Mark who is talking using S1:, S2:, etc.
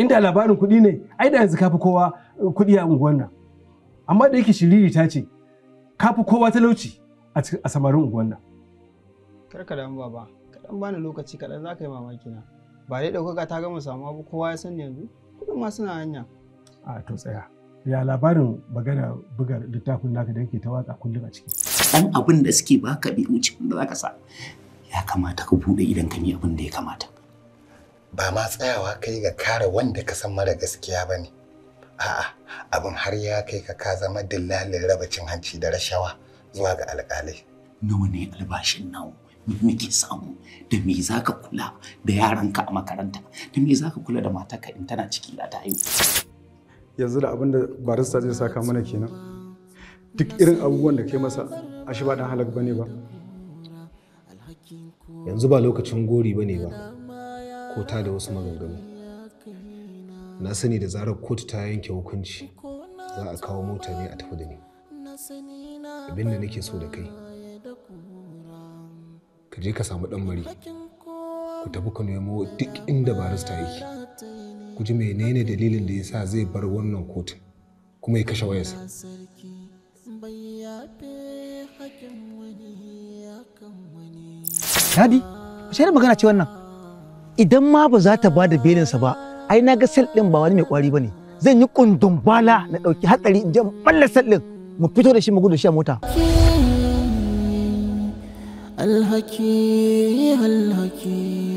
S1: inda labarin kuɗi ne ai da yanzu kafi kowa uh, kuɗi a unguwar nan amma da yake shiriri ta ce kafi kowa talauci a samarin unguwar nan kar ka damu baba kaɗan bani lokaci kaɗan za ka yi mamaki na ba dai ɗaukaka ta gama samu abu kowa ya sani yanzu kuɗin ma suna hanya a to tsaya ya labarin magana buga littafin naka da yake ta watsa kullum a ciki
S2: dan abin da suke baka bi wuce da zaka sa ya kamata ka buɗe idan ka yi abin da ya kamata ba ma tsayawa kai ga kare wanda ka san mara gaskiya ba ne a'a abin har ya kai ka ka zama dillalin raba cin hanci da rashawa zuwa ga alƙalai nawa ne albashin nawa muke samu da me za ka kula da yaranka a makaranta da me za ka kula da matarka in tana ciki da ta haihu yanzu da abin da barista zai saka mana kenan duk irin abubuwan da kai masa a shi ba dan halak bane ba
S1: yanzu ba lokacin gori bane ba ko ta da wasu maganganu na sani da zarar kotu ta yanke hukunci za a kawo mota ne a tafi da ni abinda nake so da kai ka je ka samu dan mari ku tafi ka nemo duk inda barista yake ku ji menene dalilin da yasa zai bar wannan kotu kuma ya kashe wayarsa
S2: Dadi, da magana ce wannan? idan ma ba za ta ba da belinsa ba ai na ga sel ɗin ba wani mai kwari ba ne zan yi kundun bala na ɗauki hatsari in je balla sel din mu fito da shi mu gudu shi a mota. alhaki alhaki